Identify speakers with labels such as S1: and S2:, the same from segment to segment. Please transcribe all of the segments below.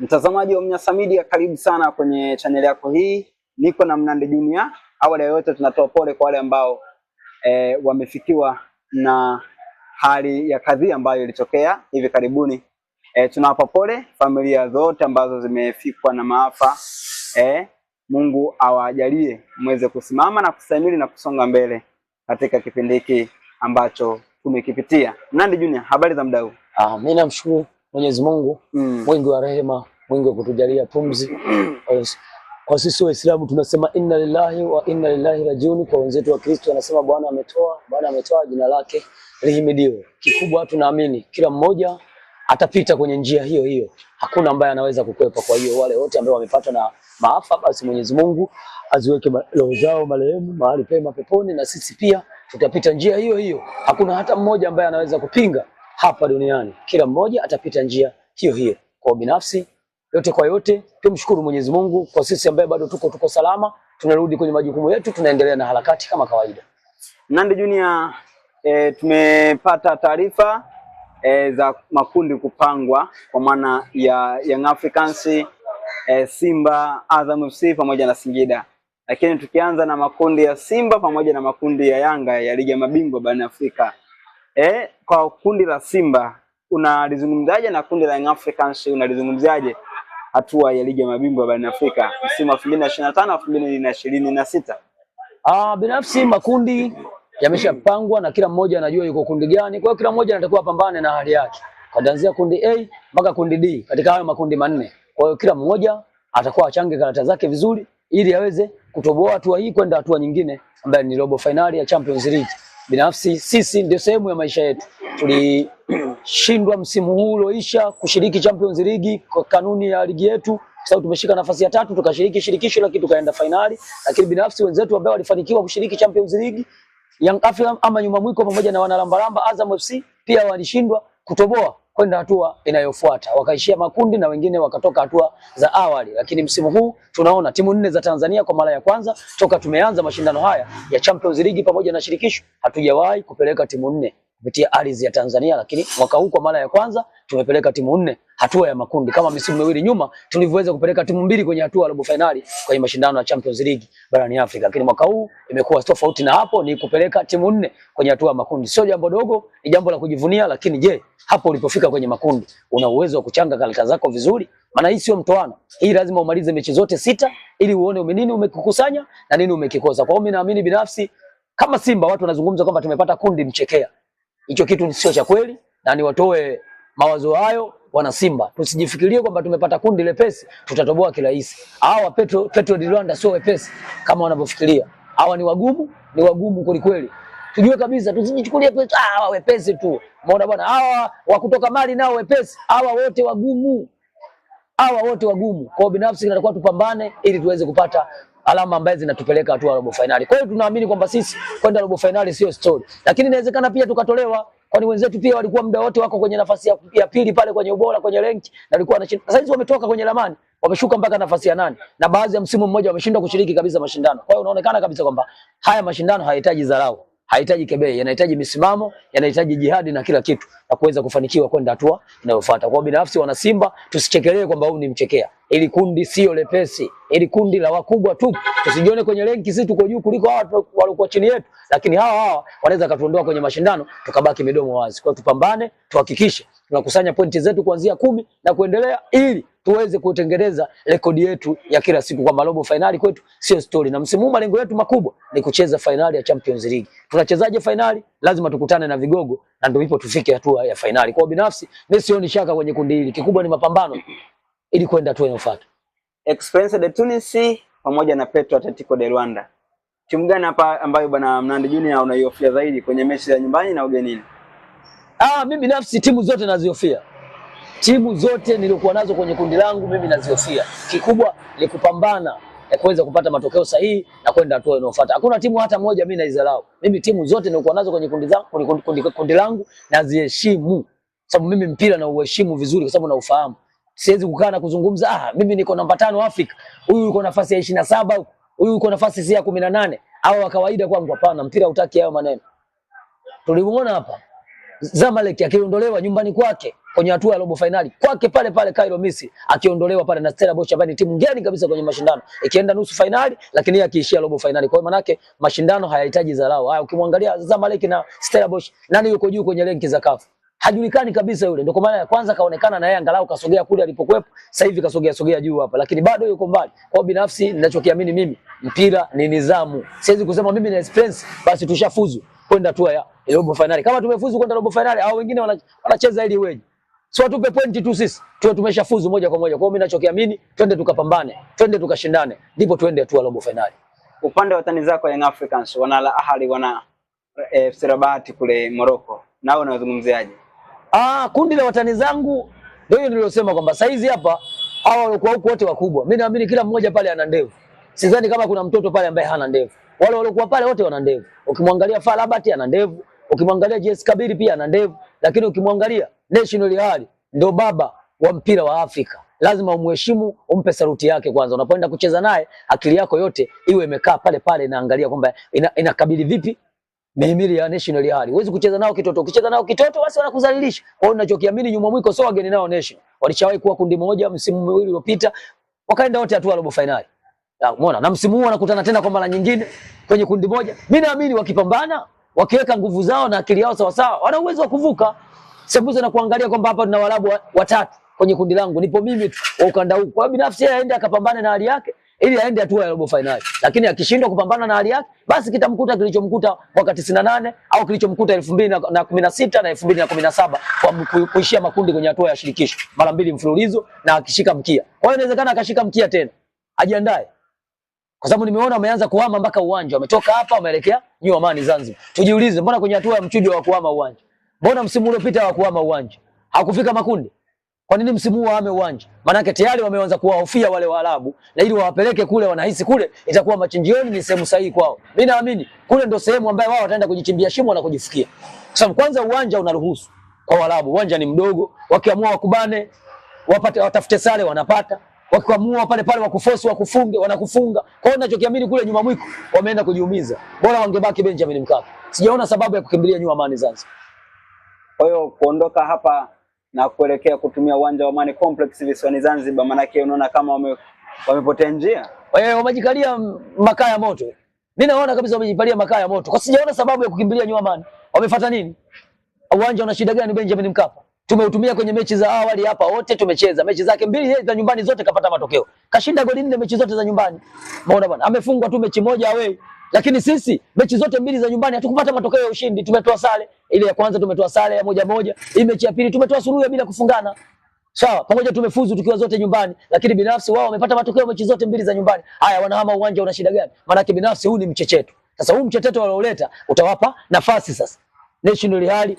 S1: Mtazamaji wa Mnyasa Media, karibu sana kwenye chaneli yako hii. Niko na Mnandi Junior. Awali ya yote, tunatoa pole kwa wale ambao e, wamefikiwa na hali ya kadhi ambayo ilitokea hivi karibuni. E, tunawapa pole familia zote ambazo zimefikwa na maafa e, Mungu awajalie mweze kusimama na kustahimili na kusonga mbele katika kipindi hiki ambacho tumekipitia. Mnandi Junior, habari za mdau?
S2: Ah, mimi namshukuru Mwenyezi Mungu mm. mwingi wa rehema, mwingi wa kutujalia pumzi kwa sisi Waislamu tunasema inna lillahi wa inna ilaihi rajiun. Kwa wenzetu wa Kristo anasema Bwana ametoa, Bwana ametoa, jina lake lihimidiwe. Kikubwa tunaamini kila mmoja atapita kwenye njia hiyo hiyo, hakuna ambaye anaweza kukwepa. Kwa hiyo wale wote ambao wamepatwa na maafa, basi Mwenyezi Mungu aziweke roho zao marehemu mahali pema peponi, na sisi pia tutapita njia hiyo hiyo. Hakuna hata mmoja ambaye anaweza kupinga hapa duniani. Kila mmoja atapita njia hiyo hiyo. Kwa binafsi, yote kwa yote, tumshukuru Mwenyezi Mungu kwa sisi ambaye bado tuko tuko salama, tunarudi kwenye majukumu yetu, tunaendelea na harakati kama kawaida.
S1: Nandi Junior, e, tumepata taarifa e, za makundi kupangwa kwa maana ya Young Africans, e, Simba, Azam FC pamoja na Singida lakini tukianza na makundi ya Simba pamoja na makundi ya Yanga ya ligi ya mabingwa barani Afrika eh, kwa kundi la Simba unalizungumzaje na kundi la Young Africans unalizungumzaje hatua ya ligi ya mabingwa barani Afrika msimu wa 2025 2026?
S2: Ah, binafsi makundi yameshapangwa na kila mmoja anajua yuko kundi gani. Kwa hiyo kila mmoja anatakiwa apambane na hali yake. Kuanzia kundi A mpaka kundi D katika hayo makundi manne. Kwa hiyo kila mmoja atakuwa achange karata zake vizuri ili aweze kutoboa hatua hii kwenda hatua nyingine ambayo ni robo finali ya Champions League. Binafsi sisi ndio sehemu ya maisha yetu. Tulishindwa msimu huu ulioisha kushiriki Champions League kwa kanuni ya ligi yetu, kwa sababu tumeshika nafasi ya tatu, tukashiriki shirikisho, lakini tukaenda fainali. Lakini binafsi wenzetu ambao walifanikiwa kushiriki Champions League, Young Africa ama nyuma mwiko, pamoja na wanalamba Azam FC pia walishindwa kutoboa kwenda hatua inayofuata, wakaishia makundi na wengine wakatoka hatua za awali. Lakini msimu huu tunaona timu nne za Tanzania kwa mara ya kwanza toka tumeanza mashindano haya ya Champions League pamoja na shirikisho hatujawahi kupeleka timu nne kupitia ardhi ya Tanzania, lakini mwaka huu kwa mara ya kwanza tumepeleka timu nne hatua ya makundi, kama misimu miwili nyuma tulivyoweza kupeleka timu mbili kwenye hatua ya robo fainali kwenye mashindano ya Champions League barani Afrika. Lakini mwaka huu imekuwa tofauti na hapo, ni kupeleka timu nne kwenye hatua ya makundi. Sio jambo dogo, ni jambo la kujivunia. Lakini je, hapo ulipofika kwenye makundi una uwezo wa kuchanga karata zako vizuri? Maana hii sio mtoano, hii lazima umalize mechi zote sita ili uone ume nini umekukusanya na nini umekikosa. Kwa hiyo mimi naamini binafsi kama Simba watu wanazungumza kwamba tumepata kundi mchekea Hicho kitu sio cha kweli, na niwatoe mawazo hayo wana Simba. Tusijifikirie kwamba tumepata kundi lepesi tutatoboa kirahisi. Hawa Petro Petro di Rwanda sio wepesi kama wanavyofikiria. Hawa ni wagumu, ni wagumu kweli kweli. Tujue kabisa tusijichukulie Petro ah hawa wepesi tu. Umeona bwana, hawa wa kutoka Mali nao wepesi, hawa wote wagumu. Hawa wote wagumu. Kwa binafsi natakuwa tupambane ili tuweze kupata alama ambaye zinatupeleka hatua robo finali. Kwa hiyo tunaamini kwamba sisi kwenda robo finali sio story, lakini inawezekana pia tukatolewa kwani wenzetu pia walikuwa muda wote wako kwenye nafasi ya, ya pili pale kwenye ubora kwenye renki na walikuwa wanashinda. Sasa hizi wametoka kwenye ramani wameshuka mpaka nafasi ya nane na baadhi ya msimu mmoja wameshindwa kushiriki kabisa mashindano. Kwa hiyo unaonekana kabisa kwamba haya mashindano hayahitaji dharau. Haihitaji kebei, yanahitaji misimamo, yanahitaji jihadi na kila kitu na kuweza kufanikiwa kwenda hatua inayofuata. Kwa binafsi, wana Simba tusichekelee kwamba huyu ni mchekea. Ili kundi sio lepesi, ili kundi la wakubwa tu. Tusijione kwenye renki sisi tuko juu kuliko hawa waliokuwa chini yetu, lakini hawa hawa wanaweza katuondoa kwenye mashindano tukabaki midomo wazi. Kwa tupambane, tuhakikishe tunakusanya pointi zetu kuanzia kumi na kuendelea, ili tuweze kutengeneza rekodi yetu ya kila siku, kwamba robo fainali kwetu sio stori. Na msimu huu malengo yetu makubwa ni kucheza fainali ya Champions League. Tunachezaje fainali? Lazima tukutane na vigogo, na ndio ipo tufike hatua ya fainali. Kwa binafsi mimi sioni shaka kwenye kundi hili, kikubwa ni mapambano ili kwenda hatua inayofuata.
S1: Esperance de Tunis pamoja na Petro Atletico de Rwanda, timu gani hapa ambayo bwana Mnandi Junior unaihofia zaidi kwenye mechi za nyumbani na ugenini?
S2: Ah, mimi binafsi timu zote nazihofia. Timu zote niliokuwa nazo kwenye kundi langu mimi nazihofia. Kikubwa ni kupambana ya kuweza kupata matokeo sahihi na kwenda hatua inayofuata. Hakuna timu hata moja mimi naizalau. Mimi timu zote nilikuwa nazo kwenye kundi zangu, kundi, kundi, kundi kundi langu naziheshimu. Sababu mimi mpira na uheshimu vizuri kwa sababu na ufahamu. Siwezi kukaa na kuzungumza ah, mimi niko namba tano Afrika. Huyu yuko nafasi ya 27, huyu yuko nafasi ya 18. Hao wa kawaida kwangu hapana, mpira hutaki hayo maneno. Tulimuona hapa Zamalek akiondolewa nyumbani kwake kwenye hatua ya robo finali kwake pale pale Cairo Misri, akiondolewa pale na Stella Bosch ambaye ni timu ngeni kabisa kwenye mashindano, ikienda nusu finali, lakini yeye akiishia robo finali. Kwa hiyo yake mashindano hayahitaji dharau. Haya, ukimwangalia Zamalek na Stella Bosch, nani yuko juu kwenye renki za CAF? hajulikani kabisa yule. Ndio kwa maana ya kwanza kaonekana na yeye angalau kasogea kule alipokuwepo, sasa hivi kasogea sogea juu hapa, lakini bado yuko mbali. Kwa binafsi ninachokiamini mimi, mpira ni nidhamu. Siwezi kusema mimi na experience basi tushafuzu kwenda tu ya robo finali. Kama tumefuzu kwenda robo finali au wengine wanacheza ili weje. Sio tupe pointi tu sisi, tuwe tumeshafuzu moja kwa moja. Kwa hiyo mimi ninachokiamini, twende tukapambane, twende tukashindane, ndipo twende tu robo finali.
S1: Upande wa watani zako Young Africans wana Al Ahly wana AFC eh, Rabat kule Morocco. Nao unazungumziaje?
S2: Ah, kundi la watani zangu ndio nililosema kwamba saizi hapa hawa walikuwa huko wote wakubwa. Mimi naamini kila mmoja pale ana ndevu. Sidhani kama kuna mtoto pale ambaye hana ndevu. Wale waliokuwa pale wote wana ndevu. Ukimwangalia Falabat ana ndevu, ukimwangalia JS Kabiri pia ana ndevu, lakini ukimwangalia National Hali ndio baba wa mpira wa Afrika. Lazima umheshimu, umpe saluti yake kwanza. Unapoenda kucheza naye, akili yako yote iwe imekaa pale pale inaangalia kwamba ina, inakabili vipi mihimili ya National Hali. Huwezi kucheza nao kitoto. Ukicheza nao kitoto basi wanakudhalilisha. Kwa hiyo ninachokiamini nyuma mwiko sio wageni nao National. Walishawahi kuwa kundi moja msimu miwili uliopita. Wakaenda wote hatua robo finali. Umeona? Na msimu huu wanakutana tena kwa mara nyingine kwenye kundi moja. Mimi naamini wakipambana, wakiweka nguvu zao na akili yao sawa sawa, wana uwezo wa kuvuka. Sembuza na kuangalia kwamba hapa tuna Waarabu watatu kwenye kundi langu, nipo mimi tu wa ukanda huu. Kwa binafsi yeye aende akapambane na hali yake ili aende hatua ya robo finali. Lakini akishindwa kupambana na hali yake, basi kitamkuta kilichomkuta mwaka 98 au kilichomkuta 2016 na 2017 na kwa kuishia makundi kwenye hatua ya shirikisho mara mbili mfululizo na akishika mkia. Kwa hiyo inawezekana akashika mkia tena. Ajiandae. Kwa sababu nimeona wameanza kuhama mpaka uwanja, wametoka hapa wameelekea New Amani Zanzibar. Tujiulize, mbona kwenye hatua ya mchujo wa kuhama uwanja? Mbona msimu uliopita wa kuhama uwanja? Hakufika makundi. Kwa nini msimu huu wahame uwanja? Maanake tayari wameanza kuwahofia wale Waarabu, na ili wawapeleke kule, wanahisi kule itakuwa machinjioni ni sehemu sahihi kwao. Mimi naamini kule ndio sehemu ambayo wao wataenda kujichimbia shimo na kujifikia. Kwa sababu kwanza uwanja unaruhusu kwa Waarabu, uwanja ni mdogo, wakiamua wakubane, wapate watafute sare wanapata wakiamua pale pale wakuforce wakufunge wanakufunga. Kwa hiyo ninachokiamini kule nyuma mwiko wameenda kujiumiza, bora wangebaki Benjamin Mkapa. Sijaona sababu ya kukimbilia nyuma Amani Zanzibar.
S1: Kwa hiyo kuondoka hapa na kuelekea kutumia uwanja wa Amani Complex visiwani Zanzibar, maana yake unaona kama wame, wamepotea njia
S2: eh, wamejikalia makaa ya moto. Mimi naona kabisa wamejipalia makaa ya moto, kwa sijaona sababu ya kukimbilia nyuma Amani. Wamefuata nini? Uwanja una shida gani Benjamin Mkapa? Tumeutumia kwenye mechi za awali hapa, wote tumecheza mechi zake mbili yeye za nyumbani zote kapata matokeo, kashinda goli nne mechi zote za nyumbani. Maona bwana, amefungwa tu mechi moja away, lakini sisi mechi zote mbili za nyumbani hatukupata matokeo ya ushindi. Tumetoa sare ile ya kwanza, tumetoa sare ya moja moja, hii mechi ya pili tumetoa suluhu bila kufungana. Sawa, pamoja tumefuzu tukiwa zote nyumbani, lakini binafsi wao wamepata matokeo mechi zote mbili za nyumbani. Haya, wanahama uwanja, una shida gani? Maana yake binafsi huu ni mchecheto. Sasa huu mchecheto walioleta utawapa nafasi sasa national hali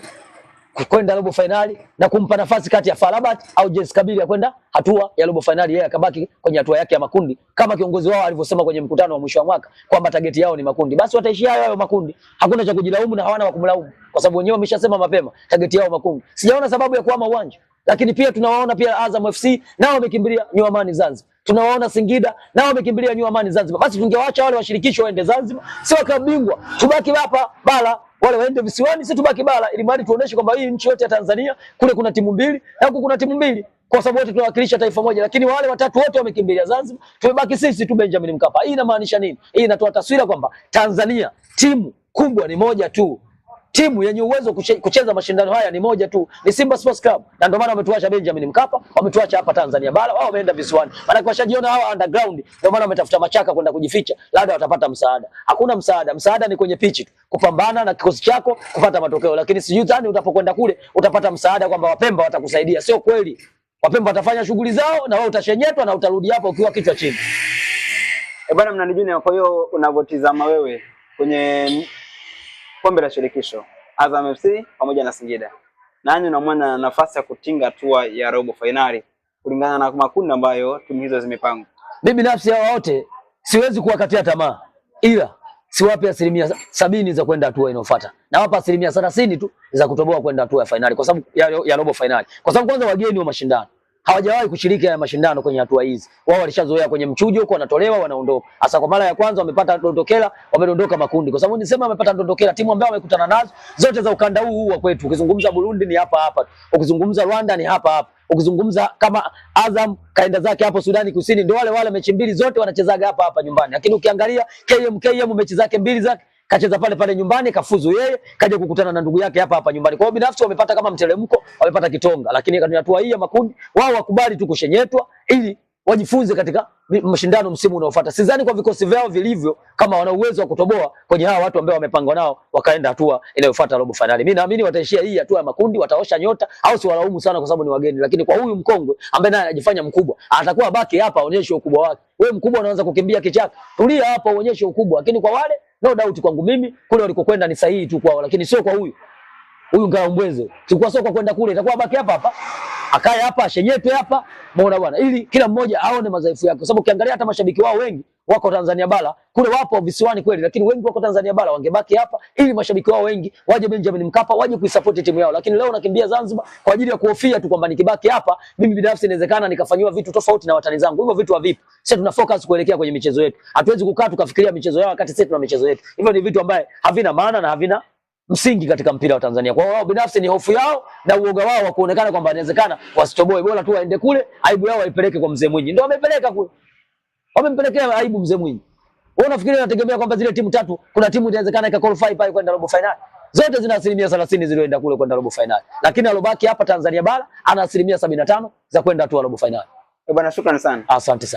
S2: kwenda robo fainali na kumpa nafasi kati ya Farabat Rabat au JS Kabylie kwenda hatua ya robo fainali, yeye akabaki kwenye hatua yake ya makundi, kama kiongozi wao alivyosema kwenye mkutano wa mwisho wa mwaka kwamba tageti yao ni makundi, basi wataishi hayo hayo makundi. Hakuna cha kujilaumu na hawana wa kumlaumu, kwa sababu wenyewe wameshasema mapema tageti yao makundi. Sijaona sababu ya kuhama uwanja, lakini pia tunawaona pia Azam FC nao wamekimbilia New Amani Zanzibar, tunawaona Singida nao wamekimbilia New Amani Zanzibar. Basi tungewaacha wale washirikisho waende Zanzibar, sio kabingwa, tubaki hapa bala wale waende visiwani, sisi tubaki bara, ili mradi tuoneshe kwamba hii nchi yote ya Tanzania kule kuna timu mbili na huku kuna timu mbili, kwa sababu wote tunawakilisha taifa moja, lakini wale watatu wote wamekimbilia Zanzibar, tumebaki sisi tu Benjamin Mkapa. Hii inamaanisha nini? Hii inatoa taswira kwamba Tanzania timu kubwa ni moja tu timu yenye uwezo kucheza mashindano haya ni moja tu, ni Simba Sports Club, na ndio maana wametuacha Benjamin Mkapa, wametuacha hapa Tanzania bara, wao wameenda visiwani, maana washajiona hawa underground. Ndio maana wametafuta machaka kwenda kujificha, labda watapata msaada. Hakuna msaada, msaada ni kwenye pichi tu, kupambana na kikosi chako kupata matokeo, lakini sijui dhani utapokwenda kule utapata msaada kwamba Wapemba watakusaidia. Sio kweli, Wapemba watafanya shughuli zao na wewe utashenyetwa na utarudi hapo ukiwa kichwa chini.
S1: E bwana, mnanijua. Kwa hiyo unavyotizama wewe kwenye kombe la shirikisho Azam FC pamoja na Singida. Nani unamwona nafasi ya kutinga hatua ya robo fainali kulingana na makundi ambayo timu hizo zimepangwa?
S2: Mimi binafsi hawa wote siwezi kuwakatia tamaa, ila siwape asilimia sabini za kwenda hatua inayofuata, nawapa asilimia thelathini tu za kutoboa kwenda hatua ya fainali, kwa sababu ya, ya robo fainali, kwa sababu kwanza wageni wa mashindano hawajawahi kushiriki haya mashindano kwenye hatua hizi. Wao walishazoea kwenye mchujo huko, wanatolewa wanaondoka. Hasa kwa mara ya kwanza wamepata dondokela, wamedondoka makundi, kwa sababu nisema wamepata dondokela timu ambayo wamekutana nazo zote za ukanda huu huu wa kwetu. Ukizungumza Burundi ni hapa hapa, ukizungumza Rwanda ni hapa hapa, ukizungumza kama Azam kaenda zake hapo Sudani Kusini, ndio wale wale, mechi mbili zote wanachezaga hapa hapa nyumbani. Lakini ukiangalia KMKM mechi zake mbili zake kacheza pale pale nyumbani, kafuzu yeye, kaja kukutana na ndugu yake hapa hapa nyumbani. Kwa hiyo binafsi wamepata kama mteremko, wamepata kitonga, lakini katika hatua hii ya makundi wao wakubali tu kushenyetwa ili wajifunze katika mashindano msimu unaofuata. Sidhani kwa vikosi vyao vilivyo kama wana uwezo wa kutoboa kwenye hawa watu ambao wamepangwa nao wakaenda hatua inayofuata robo finali. Mimi naamini wataishia hii hatua ya makundi, wataosha nyota au si walaumu sana kwa sababu ni wageni, lakini kwa huyu mkongwe ambaye naye anajifanya mkubwa, atakuwa baki hapa aonyeshe ukubwa wake. Wewe mkubwa unaanza kukimbia kichaka. Tulia hapa uonyeshe ukubwa. Lakini kwa wale No doubt kwangu mimi kule walikokwenda ni sahihi tu kwao, lakini sio kwa huyu. Huyu mbweze, Sikuwa sio kwa kwenda kule, itakuwa baki hapa hapa. Akae hapa, ashenyetwe hapa. Muona bwana, ili kila mmoja aone madhaifu yake. Kwa sababu ukiangalia hata mashabiki wao wengi wako Tanzania bara, kule wapo visiwani kweli, lakini wengi wako Tanzania bara, wangebaki hapa ili mashabiki wao wengi waje Benjamin Mkapa, waje kuisupport timu yao. Lakini leo nakimbia Zanzibar kwa ajili ya kuhofia tu kwamba nikibaki hapa mimi binafsi inawezekana nikafanywa vitu tofauti na watani zangu. Hivyo vitu havipo. Sisi tuna focus kuelekea kwenye michezo yetu, hatuwezi kukaa tukafikiria michezo yao wakati sisi tuna michezo yetu. Hivyo ni vitu ambaye havina maana na havina msingi katika mpira wa Tanzania. Kwa wao binafsi ni hofu yao na uoga wao wa kuonekana kwamba inawezekana wasitoboe, bora tu waende kule, aibu yao waipeleke kwa mzee Mwinyi, ndio wamepeleka kule. Wamempelekea aibu mzee Mwinyi. Wewe unafikiri unategemea kwamba zile timu tatu kuna timu inawezekana ika qualify pale kwenda robo finali? Zote zina asilimia 30 zilioenda kule kwenda robo finali. Lakini alobaki hapa Tanzania bara ana asilimia 75 za kwenda tu robo finali.
S1: Eh, bwana, shukrani sana.
S2: Asante sana.